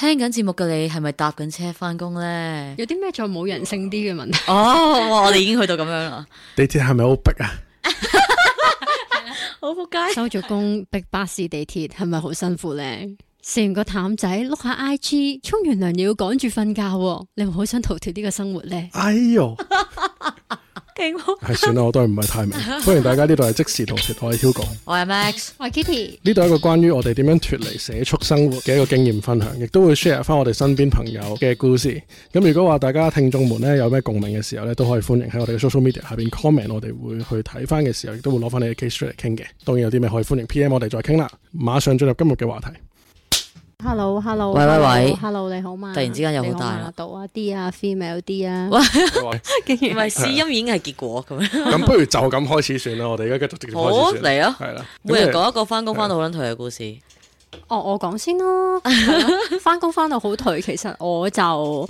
聽緊節目嘅你係咪搭緊車返工咧？有啲咩再冇人性啲嘅問題？哦，我哋已經去到咁樣啦。 地鐵係咪好逼啊？好仆街！收咗工逼巴士地鐵係咪好辛苦咧？食 完個淡仔碌下 I G，沖完涼又要趕住瞓覺，你咪好、哦、想逃脫呢個生活咧？哎呦！係 算啦，我都係唔係太明。歡迎大家呢度係即時同事，我係 Hugo，我係 Max，我係 Kitty。呢度係一個關於我哋點樣脫離社畜生活嘅一個經驗分享，亦都會 share 翻我哋身邊朋友嘅故事。咁如果話大家聽眾們咧，有咩共鳴嘅時候咧，都可以歡迎喺我哋嘅 social media 下邊 comment，我哋會去睇翻嘅時候，亦都會攞翻你嘅 case 出嚟傾嘅。當然有啲咩可以歡迎 PM 我哋再傾啦。馬上進入今日嘅話題。Hello，Hello，hello, hello, 喂喂喂，Hello，, hello 你好嗎？突然之間有好大度啊，啲啊，female 啲啊，喂，竟然唔係試音已經係結果咁樣，咁不如就咁開始算啦。我哋而家繼續繼續開始。好，嚟啊！係啦的，每人講一個返工翻到好撚頹嘅故事。哦，我講先咯。返工翻到好頹，其實我就誒、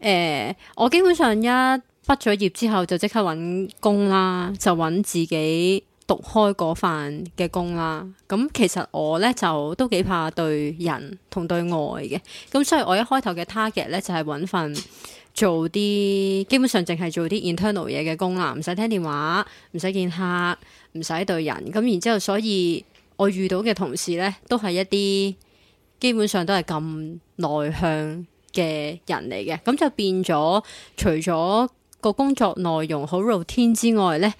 呃，我基本上一畢咗業之後就即刻揾工啦，就揾自己。讀開嗰份嘅工啦，咁其實我呢，就都幾怕對人同對外嘅，咁所以我一開頭嘅 target 呢，就係揾份做啲基本上淨係做啲 internal 嘢嘅工啦，唔使聽電話，唔使見客，唔使對人，咁然之後，所以我遇到嘅同事呢，都係一啲基本上都係咁內向嘅人嚟嘅，咁就變咗除咗個工作內容好 routine 之外呢。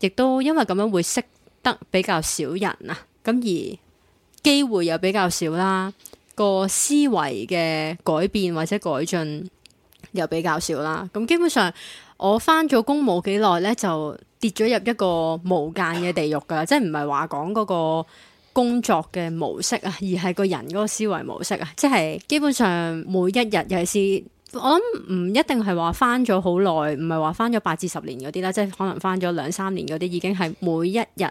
亦都因為咁樣會識得比較少人啊，咁而機會又比較少啦，個思維嘅改變或者改進又比較少啦。咁、嗯、基本上我翻咗工冇幾耐咧，就跌咗入一個無間嘅地獄噶，即係唔係話講嗰個工作嘅模式啊，而係個人嗰個思維模式啊，即係基本上每一日又係我諗唔一定係話返咗好耐，唔係話返咗八至十年嗰啲啦，即係可能返咗兩三年嗰啲，已經係每一日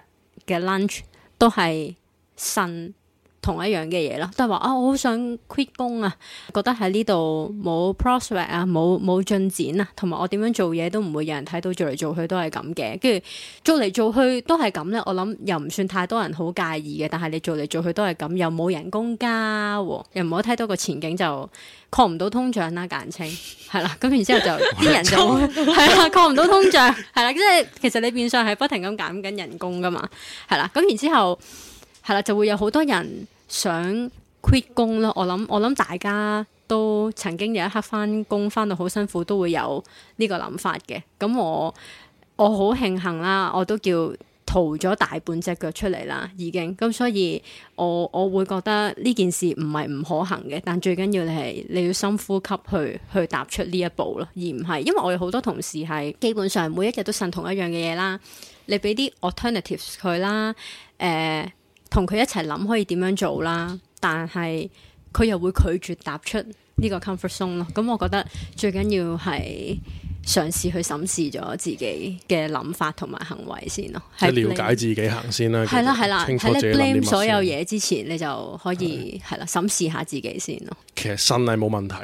嘅 lunch 都係新，同一樣嘅嘢咯，都係話啊，我好想 quit 工啊，覺得喺呢度冇 prospect 啊，冇冇進展啊，同埋我點樣做嘢都唔會有人睇到，做嚟做去都係咁嘅，跟住做嚟做去都係咁咧。我諗又唔算太多人好介意嘅，但係你做嚟做去都係咁，又冇人工加喎，又唔好睇到個前景就擴唔到通脹啦，簡稱係啦。咁然之後就啲人就係啊，擴唔到通脹，係啦，即係其實你變相係不停咁減緊人工㗎嘛，係啦。咁然之後。係啦、啊，就會有好多人想 quit 工咯。我諗，我諗大家都曾經有一刻返工返到好辛苦，都會有呢個諗法嘅。咁我我好慶幸啦，我都叫逃咗大半隻腳出嚟啦，已經。咁所以我我會覺得呢件事唔係唔可行嘅，但最緊要你係你要深呼吸去去踏出呢一步咯，而唔係因為我哋好多同事係基本上每一日都呻同一樣嘅嘢啦。你俾啲 alternatives 佢、呃、啦，誒。同佢一齊諗可以點樣做啦，但係佢又會拒絕踏出呢個 comfort zone 咯。咁我覺得最緊要係嘗試去審視咗自己嘅諗法同埋行為先咯，係了解自己行先啦。係啦係啦，喺你 blame 所有嘢之前，你就可以係啦審視下自己先咯。其實腎係冇問題，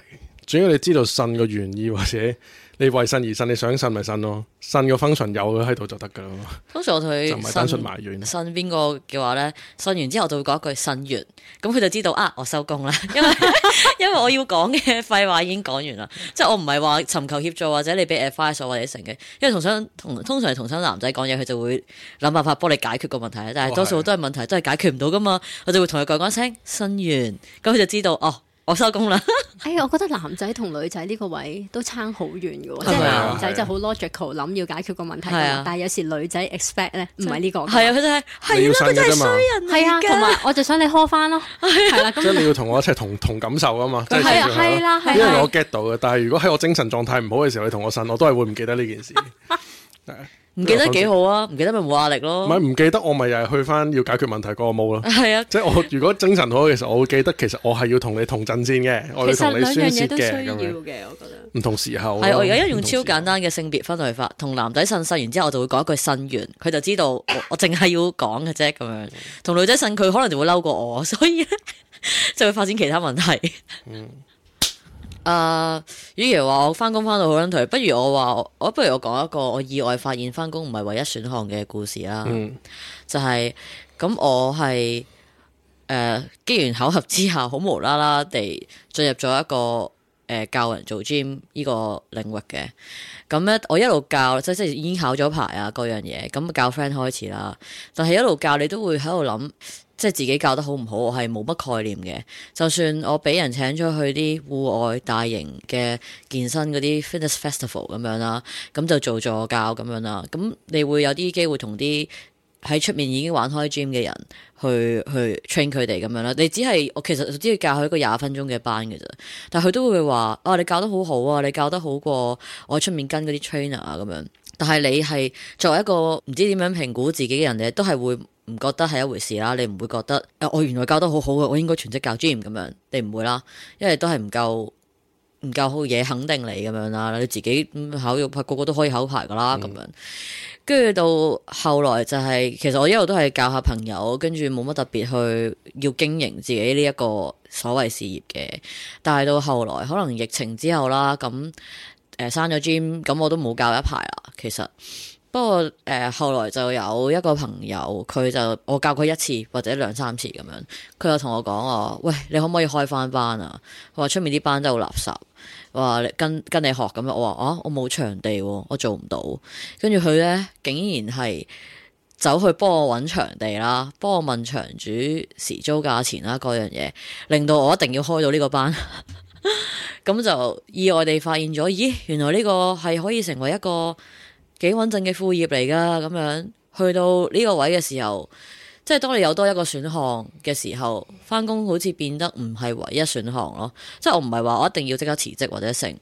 主要你知道腎嘅原意或者。你為信而信，你想信咪信咯，信個 function 有佢喺度就得噶咯。通常我同佢，就唔係單純埋怨，信邊個嘅話咧，信完之後就會講一句信完，咁佢就知道啊，我收工啦，因為 因為我要講嘅廢話已經講完啦，即係我唔係話尋求協助或者你俾 effort 所完成嘅，因為同身同通常同身男仔講嘢，佢就會諗辦法幫你解決個問題，但係多數都係問題都係解決唔到噶嘛，我就會同佢講一聲信完，咁佢就知道哦。我收工啦。係啊，我覺得男仔同女仔呢個位都差好遠嘅喎，即係男仔就好 logical 諗要解決個問題，但係有時女仔 expect 咧唔係呢個。係啊，佢就係係真係衰人嚟㗎。係啊，同埋我就想你 call 翻咯，係啦。咁你要同我一齊同同感受啊嘛，即係係啦，係因為我 get 到嘅，但係如果喺我精神狀態唔好嘅時候，你同我呻我都係會唔記得呢件事。唔記得幾好啊，唔記得咪冇壓力咯。唔係唔記得我咪又係去翻要解決問題個舞咯。係啊，即係我如果精神好嘅時候，我會記得其實我係要同你同陣先嘅。其實我實兩樣嘢都需要嘅，我覺得。唔同時候係我而家一用超簡單嘅性別分類法，同男仔呻呻完之後，我就會講一句呻完，佢就知道我我淨係要講嘅啫，咁樣。同女仔呻佢可能就會嬲過我，所以 就會發展其他問題。嗯啊，比如話我返工返到好撚頹，不如我話我不如我講一個我意外發現返工唔係唯一選項嘅故事啦。啊，嗯、就係、是、咁我係誒機緣巧合之下，好無啦啦地進入咗一個。誒，教人做 gym 呢個領域嘅，咁咧我一路教，即係即係已經考咗牌啊，各樣嘢，咁教 friend 開始啦。但係一路教，你都會喺度諗，即係自己教得好唔好，我係冇乜概念嘅。就算我俾人請咗去啲戶外大型嘅健身嗰啲 fitness festival 咁樣啦，咁就做助教咁樣啦，咁你會有啲機會同啲。喺出面已經玩開 gym 嘅人，去去 train 佢哋咁樣啦。你只係我其實只要教佢一個廿分鐘嘅班嘅啫。但係佢都會話：啊，你教得好好啊，你教得好過我喺出面跟嗰啲 trainer 啊咁樣。但係你係作為一個唔知點樣評估自己嘅人咧，你都係會唔覺得係一回事啦。你唔會覺得啊，我原來教得好好嘅，我應該全職教 gym 咁樣。你唔會啦，因為都係唔夠唔夠好嘢肯定你咁樣啦。你自己、嗯、考入牌，個，個個都可以考牌噶啦，咁樣。嗯跟住到後來就係、是，其實我一路都係教下朋友，跟住冇乜特別去要經營自己呢一個所謂事業嘅。但係到後來可能疫情之後啦，咁誒刪咗 gym，咁我都冇教一排啦。其實，不過誒、呃、後來就有一個朋友，佢就我教佢一次或者兩三次咁樣，佢就同我講：喂，你可唔可以開返班啊？佢話出面啲班都好垃圾。話跟跟你學咁樣，我話啊，我冇場地，我做唔到。跟住佢呢，竟然係走去幫我搵場地啦，幫我問場主時租價錢啦，嗰樣嘢，令到我一定要開到呢個班。咁 就意外地發現咗，咦，原來呢個係可以成為一個幾穩陣嘅副業嚟噶。咁樣去到呢個位嘅時候，即係當你有多一個選項嘅時候，返工好似變得唔係唯一選項咯。即係我唔係話我一定要即刻辭職或者成，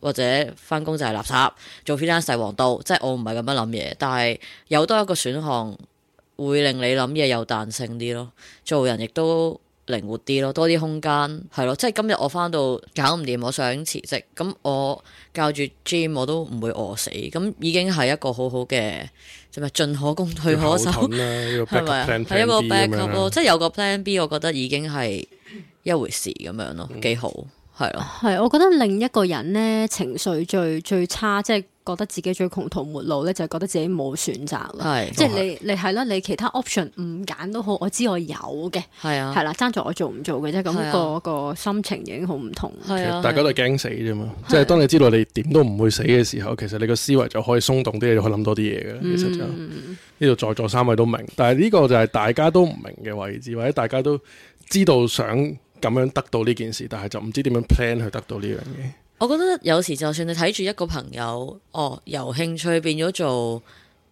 或者返工就係垃圾做 freelance 就係王道。即係我唔係咁樣諗嘢，但係有多一個選項會令你諗嘢又彈性啲咯。做人亦都靈活啲咯，多啲空間，係咯，即係今日我翻到搞唔掂，我想辭職，咁我教住 Gym 我都唔會餓死，咁已經係一個好好嘅，就咪進可攻退可守啦，係咪啊？係一個 backup 咯，即係有個 Plan B，我覺得已經係一回事咁樣咯，嗯、幾好，係咯。係，我覺得另一個人呢，情緒最最差，即係。覺得自己最窮途末路咧，就係、是、覺得自己冇選擇啦。是即係你，你係啦，你其他 option 唔揀都好，我知我有嘅。係啊，係啦，爭在我做唔做嘅啫。咁、那個、啊、個心情已經好唔同。啊啊、其實大家都驚死啫嘛。啊、即係當你知道你點都唔會死嘅時候，啊、其實你個思維就可以鬆動啲，你可以諗多啲嘢嘅。嗯、其實就呢度在座三位都明，但係呢個就係大家都唔明嘅位置，或者大家都知道想咁樣得到呢件事，但係就唔知點樣 plan 去得到呢樣嘢。我覺得有時就算你睇住一個朋友，哦由興趣變咗做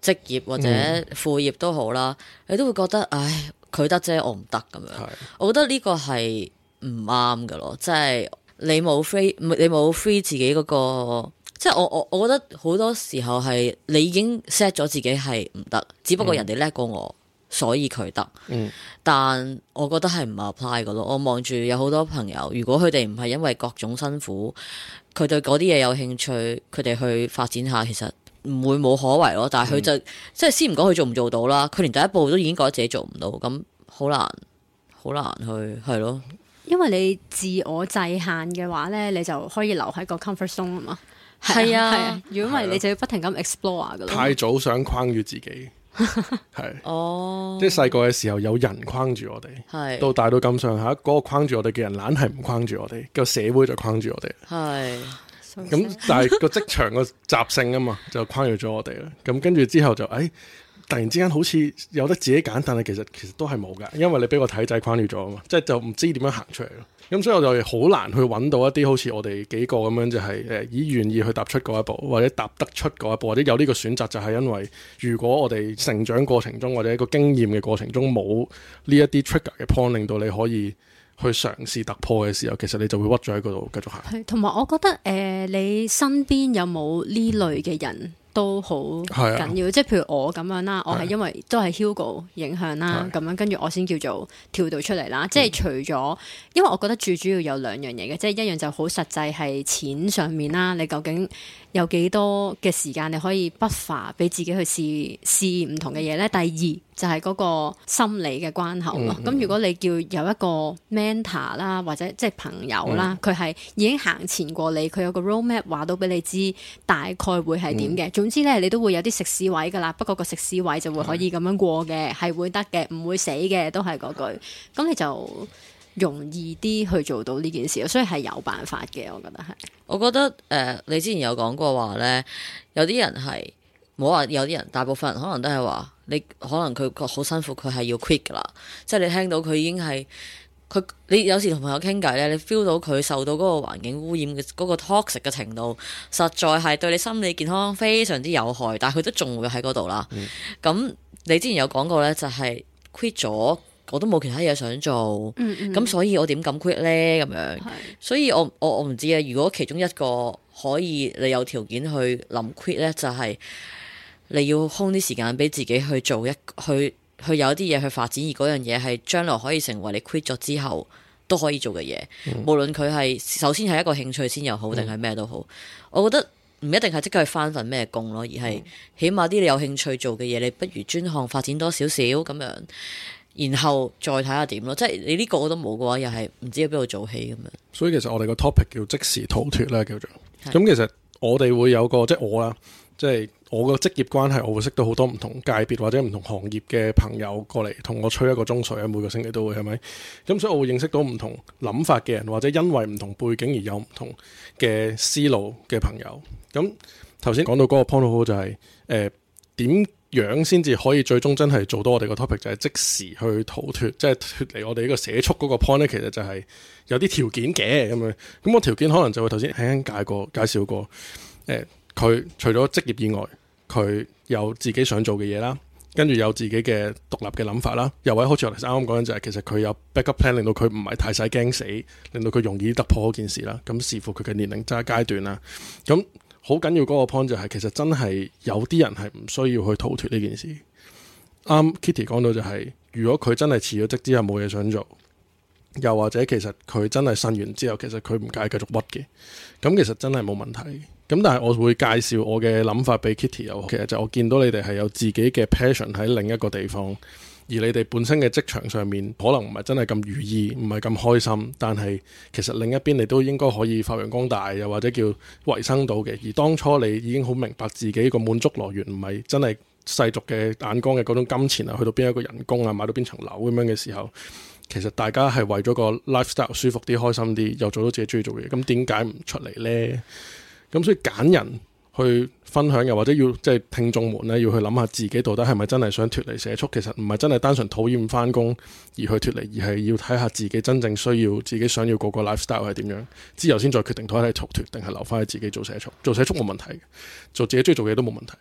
職業或者副業都好啦，嗯、你都會覺得唉佢得啫，我唔是得咁樣、就是那個。我覺得呢個係唔啱嘅咯，即係你冇 free 你冇 free 自己嗰個，即係我我我覺得好多時候係你已經 set 咗自己係唔得，只不過人哋叻過我。嗯所以佢得，嗯、但我覺得係唔係 apply 嘅咯。我望住有好多朋友，如果佢哋唔係因為各種辛苦，佢對嗰啲嘢有興趣，佢哋去發展下，其實唔會冇可為咯。但係佢就、嗯、即係先唔講佢做唔做到啦，佢連第一步都已經覺得自己做唔到，咁好難，好難去，係咯。因為你自我制限嘅話呢，你就可以留喺個 comfort zone 啊嘛。係啊，係啊！如果唔係，你就要不停咁 explore 嘅。太早想框住自己。係哦，即係細個嘅時候有人框住我哋，係是到大到咁上下，嗰、那個框住我哋嘅人，懶係唔框住我哋，個社會就框住我哋。係咁、 嗯，但係個職場個習性啊嘛，就框住咗我哋啦。咁跟住之後就誒、哎，突然之間好似有得自己揀，但係其實其實都係冇噶，因為你俾個體制框住咗啊嘛，即係就唔知點樣行出嚟咯。咁、嗯、所以我就好難去揾到一啲好似我哋幾個咁樣就係、是、誒，已、呃、願意去踏出嗰一步，或者踏得出嗰一步，或者有呢個選擇，就係因為如果我哋成長過程中或者一個經驗嘅過程中冇呢一啲 trigger 嘅 point，令到你可以去嘗試突破嘅時候，其實你就會屈咗喺嗰度繼續行。係，同埋我覺得誒、呃，你身邊有冇呢類嘅人？都好緊要，即係譬如我咁樣啦，我係因為都係 Hugo 影響啦，咁樣跟住我先叫做跳到出嚟啦。即係除咗，因為我覺得最主要有兩樣嘢嘅，即係一樣就好實際係錢上面啦，你究竟有幾多嘅時間你可以 buffer 俾自己去試試唔同嘅嘢咧？第二就係個心理嘅關口咯，咁如果你叫有一個 mentor 啦，或者即係朋友啦，佢係已經行前過你，佢有個 roadmap 話到俾你知大概會係點嘅，總之咧，你都會有啲食屎位噶啦，不過個食屎位就會可以咁樣過嘅，係會得嘅，唔會死嘅，都係嗰句。咁你就容易啲去做到呢件事，所以係有辦法嘅，我覺得係。我覺得誒、呃，你之前有講過話咧，有啲人係冇話，有啲人，大部分人可能都係話，你可能佢好辛苦，佢係要 quit 噶啦，即係你聽到佢已經係。佢你有時同朋友傾偈咧，你 feel 到佢受到嗰個環境污染嘅嗰、個 toxic 嘅程度，實在係對你心理健康非常之有害。但係佢都仲會喺嗰度啦。咁、嗯、你之前有講過咧，就係、是、quit 咗，我都冇其他嘢想做。咁、嗯嗯、所以我點敢 quit 咧？咁樣，是的 所以我我我唔知啊。如果其中一個可以你有條件去諗 quit 咧，就係你要空啲時間俾自己去做一去。去有啲嘢去發展，而嗰樣嘢係將來可以成為你 quit 咗之後都可以做嘅嘢。嗯、無論佢係首先係一個興趣先又好，定係咩都好，嗯、我覺得唔一定係即刻去返份咩工咯，而係起碼啲你有興趣做嘅嘢，你不如專項發展多少少咁樣，然後再睇下點咯。即係你呢個我都冇嘅話，又係唔知喺邊度做起咁樣。所以其實我哋個 topic 叫即時逃脫咧，叫做咁。是的 其實我哋會有個即係我啦，即係。即我個職業關係，我會識到好多唔同界別或者唔同行業嘅朋友過嚟同我吹一個鐘水啊！每個星期都會係咪？咁所以，我會認識到唔同諗法嘅人，或者因為唔同背景而有唔同嘅思路嘅朋友。咁頭先講到嗰個 point 好好，就係誒點樣先至可以最終真係做到我哋個 topic，就係、是、即時去逃脱，即係脱離我哋呢個社畜嗰個 point 咧。其實就係有啲條件嘅咁樣，咁個條件可能就會頭先輕輕解過介紹過誒。呃佢除咗職業以外，佢有自己想做嘅嘢啦，跟住有自己嘅獨立嘅諗法啦。又或者好似我哋啱啱講緊就係，其實佢有 backup plan，令到佢唔係太使驚死，令到佢容易突破嗰件事啦。咁視乎佢嘅年齡，真係階段啦。咁好緊要嗰個 point 就係，其實真係有啲人係唔需要去逃脱呢件事。啱，Kitty 講到就係，如果佢真係辭咗職之後冇嘢想做，又或者其實佢真係呻完之後，其實佢唔介意繼續屈嘅，咁其實真係冇問題。咁、嗯、但係我會介紹我嘅諗法俾 Kitty 又，其實就我見到你哋係有自己嘅 passion 喺另一個地方，而你哋本身嘅職場上面可能唔係真係咁如意，唔係咁開心。但係其實另一邊你都應該可以發揚光大，又或者叫維生到嘅。而當初你已經好明白自己個滿足來源唔係真係世俗嘅眼光嘅嗰種金錢啊，去到邊一個人工啊，買到邊層樓咁樣嘅時候，其實大家係為咗個 lifestyle 舒服啲、開心啲，又做到自己中意做嘢，咁點解唔出嚟呢？咁、嗯、所以揀人去分享，又或者要即係、就是、聽眾們咧，要去諗下自己到底係咪真係想脱離社畜？其實唔係真係單純討厭翻工而去脱離，而係要睇下自己真正需要、自己想要嗰個 lifestyle 係點樣，之後先再決定睇睇逃脱定係留翻去自己做社畜。做社畜冇問題嘅，做自己中意做嘢都冇問題。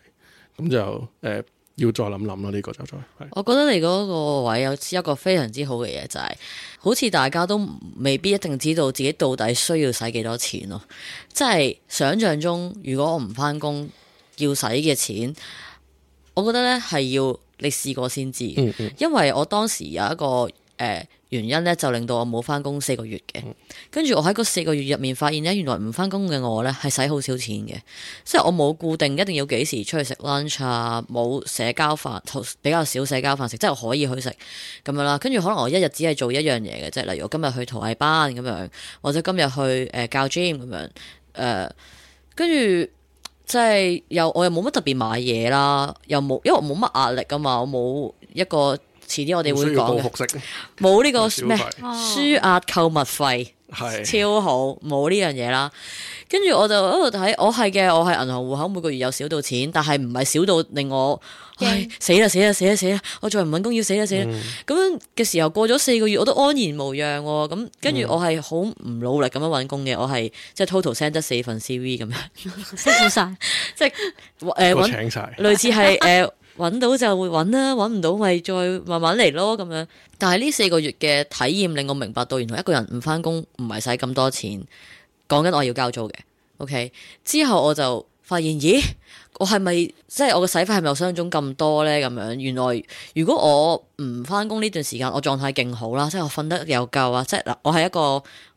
咁就誒。呃要再諗諗啦，呢、這個就再。我覺得你嗰個位有一個非常之好嘅嘢，就係、是、好似大家都未必一定知道自己到底需要使幾多錢咯。即、就、係、是、想像中，如果我唔返工要使嘅錢，我覺得呢係要你試過先知。嗯，嗯因為我當時有一個誒。呃原因咧就令到我冇返工四個月嘅，跟住我喺嗰四個月入面發現呢，原來唔返工嘅我呢，係使好少錢嘅，即係我冇固定一定要幾時出去食 lunch 啊，冇社交飯，比較少社交飯食，即係可以去食咁樣啦。跟住可能我一日只係做一樣嘢嘅，即係例如我今日去陶藝班咁樣，或者今日去誒、呃、教 gym 咁樣，誒跟住即係又我又冇乜特別買嘢啦，又冇因為冇乜壓力噶嘛，我冇一個。遲啲我哋會講嘅、哦，冇呢個咩，輸壓購物費，係超好，冇呢樣嘢啦。跟住我就喺度睇，我係嘅，我喺銀行戶口每個月有少到錢，但係唔係少到令我，死啦死啦死啦死啦！我再唔搵工要死啦死啦。咁嘅、嗯、時候過咗四個月，我都安然無恙、哦。咁跟住我係好唔努力咁樣搵工嘅，我係即係、就是、total send 得、er、四份 CV 咁樣辛苦晒，即係誒搵，類似係誒。呃 揾到就會揾啦，揾唔到咪再慢慢嚟咯咁樣。但係呢四個月嘅體驗令我明白到，原來一個人唔返工唔係使咁多錢。講緊我要交租嘅，OK。之後我就發現，咦？我係咪即係我嘅洗發係咪有想像中咁多呢？咁樣原來如果我唔翻工呢段時間，我狀態勁好啦，即係我瞓得有夠啊！即係嗱，我係一個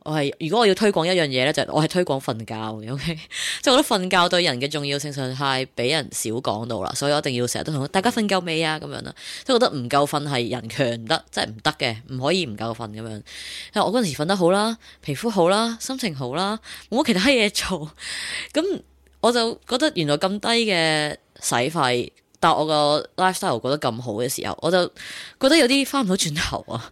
我係如果我要推廣一樣嘢呢，就係、我係推廣瞓覺嘅。O、okay? K， 即係我覺得瞓覺對人嘅重要性上在係俾人少講到啦，所以我一定要成日都同大家瞓夠未啊？咁樣啦，即係覺得唔夠瞓係人強得，即係唔得嘅，唔可以唔夠瞓咁樣。我嗰陣時瞓得好啦，皮膚好啦，心情好啦，冇乜其他嘢做咁。我就覺得原來咁低嘅使費，但我個 lifestyle 過得咁好嘅時候，我就覺得有啲翻唔到轉頭啊！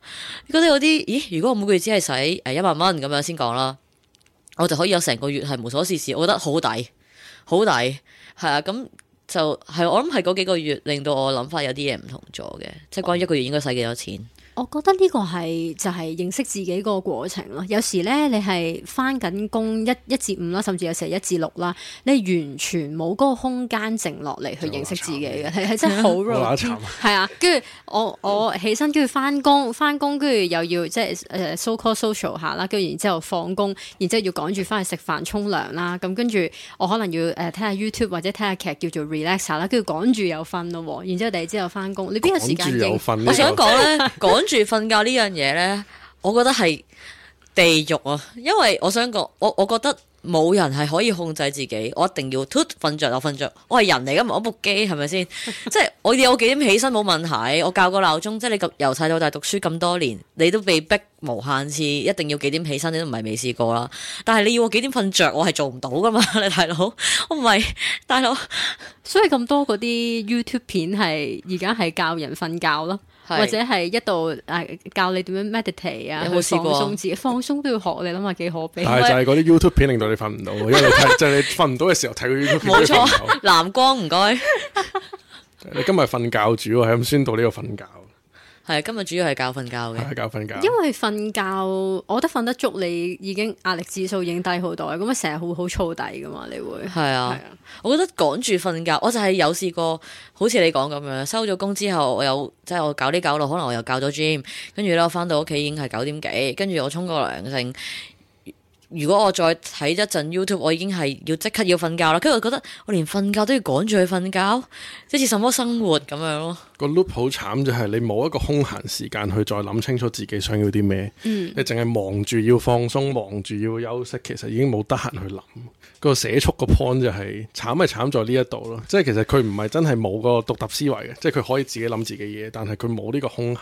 覺得有啲，咦？如果我每個月只係使誒一萬蚊咁樣先講啦，我就可以有成個月係無所事事，我覺得好抵，好抵，係啊！咁就係我諗係嗰幾個月令到我諗法有啲嘢唔同咗嘅，即係關於一個月應該使幾多錢。我覺得呢個係就係、是、認識自己個過程咯。有時咧，你係翻緊工一一至五啦，甚至有時一至六啦，你完全冇嗰個空間靜落嚟去認識自己嘅，係真係好難。係啊，跟住我我起身跟住翻工，翻工跟住又要即係誒 so-called social 下啦，跟住然之後放工，然之後要趕住翻去食飯、沖涼啦。咁跟住我可能要誒聽、uh, 下 YouTube 或者聽下劇叫做 relax 啦，跟住趕住又瞓咯，然之後第二朝又翻工，你邊個時間？有 我想講咧趕。 住瞓覺呢樣嘢呢，我覺得係地獄啊！因為我想講，我我覺得冇人係可以控制自己，我一定要 t w 瞓着就瞓着。我係人嚟噶嘛，唔係我部機，係咪先？ 即係我要我幾點起身冇問題。我校個鬧鐘，即係你由細到大讀書咁多年，你都被逼無限次一定要幾點起身，你都唔係未試過啦。但係你要我幾點瞓着，我係做唔到噶嘛，你大佬，我唔係大佬。所以咁多嗰啲 YouTube 片係而家係教人瞓覺咯。或者係一度誒、啊，教你點樣 meditate 啊，放鬆自己，放鬆都要學，你諗下幾可悲。但係就係嗰啲 YouTube 片令到你瞓唔到，一路睇就係、是、你瞓唔到嘅時候睇佢 YouTube 片。 冇錯，藍光唔該。 你今日瞓覺主要喺咁酸度呢個瞓覺。係今日主要係教瞓覺嘅，教瞓覺。因為瞓覺，我覺得瞓得足，你已經壓力指數已經低好多，咁啊成日會好燥底噶嘛，你會。係啊，係啊，我覺得趕住瞓覺，我就係有試過，好似你講咁樣，收咗工之後，我有即係我搞啲搞落，可能我又教咗 gym，跟住咧我翻到屋企已經係九點幾，跟住我沖個涼先。等等如果我再睇一陣 YouTube，我已經係要即刻要瞓覺啦。跟住我覺得我連瞓覺都要趕住去瞓覺，即係什麼生活咁樣咯？個 loop 好慘就係、是、你冇一個空閒時間去再諗清楚自己想要啲咩。嗯、你淨係忙住要放鬆，忙住要休息，其實已經冇得閒去諗。個寫速個 point 就係慘咪慘在呢一度咯。即係其實佢唔係真係冇個獨特思維嘅，即係佢可以自己諗自己嘢，但係佢冇呢個空閒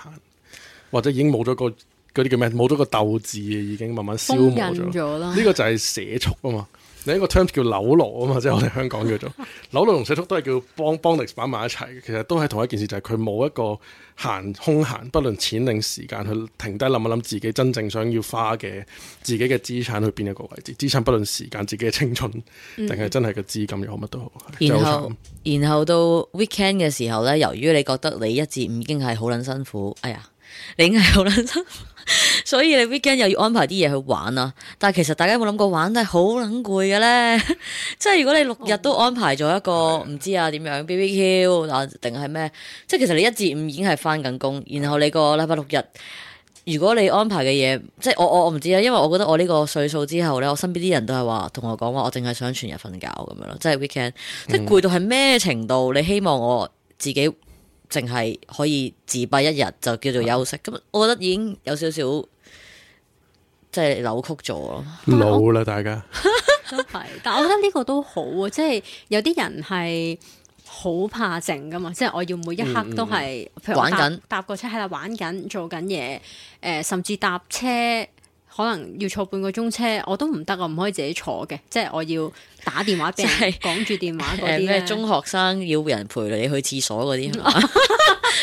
或者已經冇咗個。嗰啲叫咩？冇咗個鬥志嘅，已經慢慢消磨咗。呢個就係社畜啊嘛。另 一個 term 叫樓奴啊嘛，即、就、係、是、我哋香港叫做 樓奴同社畜都係叫幫幫力擺埋一齊。其實都係同一件事，就係佢冇一個閒空閒，不論錢定時間去停低諗一諗自己真正想要花嘅自己嘅資產去邊一個位置。資產不論時間，自己嘅青春定係真係嘅資金又好乜都好。嗯、然後然後到 weekend 嘅時候咧，由於你覺得你一至五已經係好撚辛苦，哎呀～你已經係好撚憎， 所以你 weekend 又要安排啲嘢去玩啊！但係其實大家有冇諗過玩都係好撚攰嘅咧？ 即係如果你六日都安排咗一個唔，oh. 知啊點樣 BBQ 定係咩？即係其實你一至五已經係返緊工，然後你個禮拜六日如果你安排嘅嘢，即係我我我唔知啊，因為我覺得我呢個歲數之後咧，我身邊啲人都係話同我講話，我淨係想全日瞓覺咁樣咯。即係 weekend，mm hmm. 即係攰到係咩程度？你希望我自己？淨係可以自閉一日就叫做休息，咁我覺得已經有少少即係扭曲咗咯。老啦，大家都係， 但我覺得呢個都好啊，即係有啲人係好怕靜噶嘛，即係我要每一刻都係玩緊着、搭個車喺度玩緊、做緊嘢，誒、呃，甚至搭車。可能要坐半個鐘車，我都唔得，我唔可以自己坐嘅，即係我要打電話俾人講住、就是、電話嗰啲中學生要人陪你去廁所嗰啲啊嘛，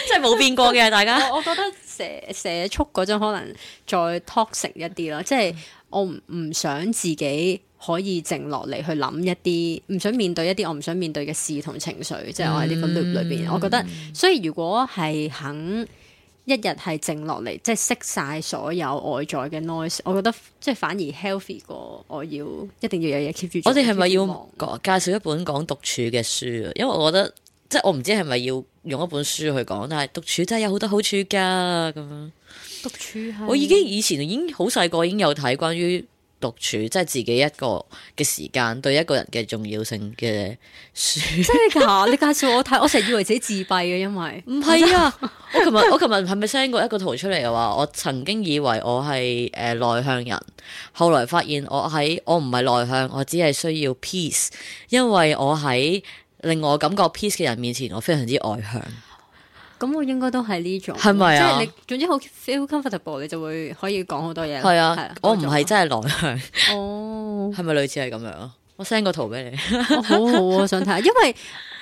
即係冇變過嘅，大家 我。我覺得寫寫速嗰種可能再 toxic 一啲咯， 即係我唔唔想自己可以靜落嚟去諗一啲，唔想面對一啲我唔想面對嘅事同情緒，即係、嗯、我喺呢個 loop 裏邊、嗯，我覺得所以如果係肯。一日係靜落嚟，即係熄晒所有外在嘅 noise，我覺得即係反而 healthy 過我要一定要有嘢 keep 住。我哋係咪要介紹一本講獨處嘅書啊？因為我覺得即係我唔知係咪要用一本書去講，但係獨處真係有好多好處㗎。咁樣，獨處係。我已經以前已經好細個已經有睇關於。獨處即係自己一個嘅時間，對一個人嘅重要性嘅書，真係噶？你介紹我睇，我成日以為自己自閉嘅，因為唔係啊！我琴日我琴日係咪 send 過一個圖出嚟嘅話，我曾經以為我係誒內向人，後來發現我喺我唔係內向，我只係需要 peace，因為我喺令我感覺 peace 嘅人面前，我非常之外向。咁我應該都係呢種，係咪啊、即係你總之好 feel comfortable，你就會可以講好多嘢。係啊，對我唔係真係內向。哦，係咪 類似係咁樣？我 send 個圖俾你。 哦、好好，我想睇下。因為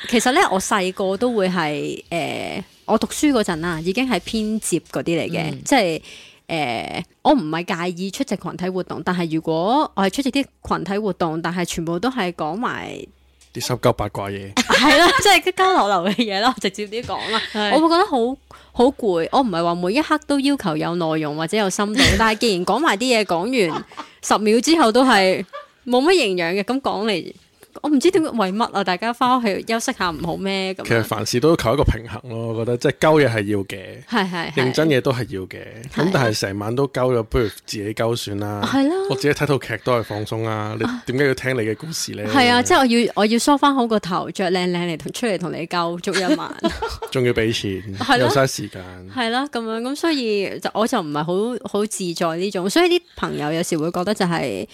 其實咧，我細個都會係誒、呃，我讀書嗰陣啊，已經係偏接嗰啲嚟嘅，即係誒，我唔係介意出席群體活動，但係如果我係出席啲群體活動，但係全部都係講埋。啲濕鳩八卦嘢，係咯，即係啲交流流嘅嘢咯，直接啲講啦。我會覺得好好攰，我唔係話每一刻都要求有內容或者有深度，但係既然講埋啲嘢講完十 秒之後都係冇乜營養嘅，咁講嚟。我唔知點為乜啊！大家返屋企休息下唔好咩？其實凡事都求一個平衡咯，我覺得即係交嘢係要嘅，係係是認真嘢都係要嘅。咁是是 但係成晚都交咗，不如自己交算啦。係啦，我自己睇套劇都係放鬆啊！啊你點解要聽你嘅故事咧？係啊，即係我要我要梳返好個頭，着靚靚嚟出嚟同你交足一晚，仲 要俾錢，又嘥 是、啊、時間。係啦、啊，咁、啊、樣咁，所以我就唔係好好自在呢種，所以啲朋友有時會覺得就係、是。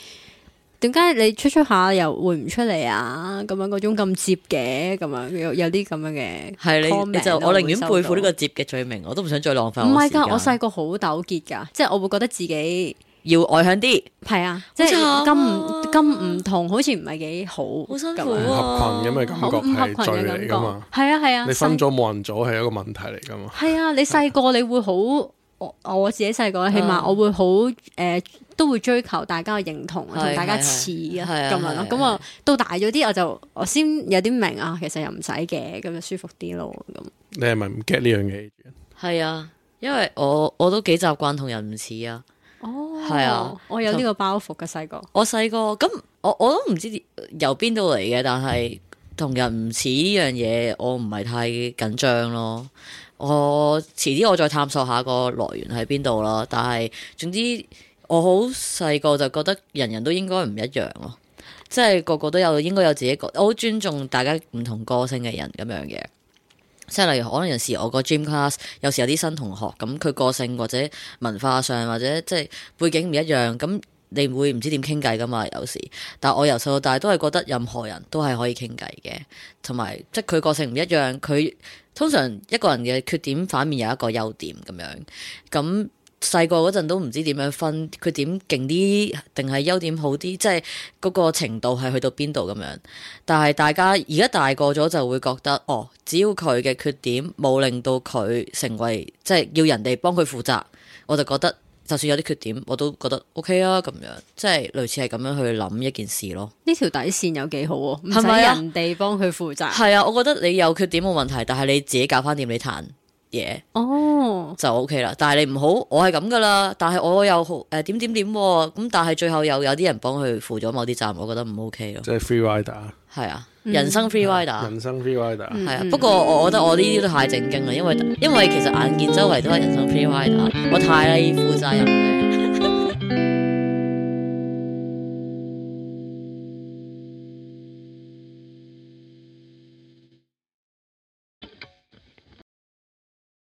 點解你出出下又會唔出嚟啊？咁樣嗰種咁接嘅，咁樣有啲咁樣嘅，係你就，我寧願背負呢個接嘅罪名，我都唔想再浪費。唔係噶，我細個好糾結噶，即係我會覺得自己要外向啲，係啊，即係咁咁唔同，好似唔係幾好，好辛苦合群咁嘅感覺係罪嚟噶嘛，係啊係啊，你分咗冇人組係一個問題嚟噶嘛，係啊，你細個你會好，我我自己細個起碼我會好誒。都會追求大家嘅認同，同大家似啊咁樣咯。咁啊，到大咗啲，我就我先有啲明啊，其實又唔使嘅，咁就舒服啲咯。咁你係咪唔 get 呢樣嘢？係啊，因為我我都幾習慣同人唔似啊。哦，係啊，我有呢個包袱嘅細個。我細個咁，我我都唔知由邊度嚟嘅，但係同人唔似呢樣嘢，我唔係太緊張咯。我遲啲我再探索下個來源喺邊度咯。但係總之。我好細個就覺得人人都應該唔一樣咯，啊，即係個個都有應該有自己個，我好尊重大家唔同個性嘅人咁樣嘅。即係例如可能有時我個 gym class 有時有啲新同學，咁佢個性或者文化上或者即係背景唔一樣，咁你唔會唔知點傾偈噶嘛？有時，但係我由細到大都係覺得任何人都係可以傾偈嘅，同埋即係佢個性唔一樣，佢通常一個人嘅缺點反面有一個優點咁樣咁。細個嗰陣都唔知點樣分缺點勁啲定係優點好啲，即係嗰、嗰個程度係去到邊度咁樣。但係大家而家大個咗就會覺得哦，只要佢嘅缺點冇令到佢成為即係、就是、要人哋幫佢負責，我就覺得就算有啲缺點，我都覺得 O、OK、K 啊咁樣，即係類似係咁樣去諗一件事咯。呢條底線有幾好啊、哦？唔使吧人哋幫佢負責。係 啊，我覺得你有缺點冇問題，但係你自己搞翻掂你彈嘢哦就 OK 啦，但係你唔好，我係咁噶啦，但係我又好誒點點點咁，但係最後又有啲人幫佢負咗某啲責任，我覺得唔 OK 咯。即係 free rider 係啊，嗯、人生 free rider、啊、人生 free rider 係、嗯、啊。不過我覺得我呢啲都太正經啦，因為因為其實眼見周圍都係人生 free rider，我太負責任。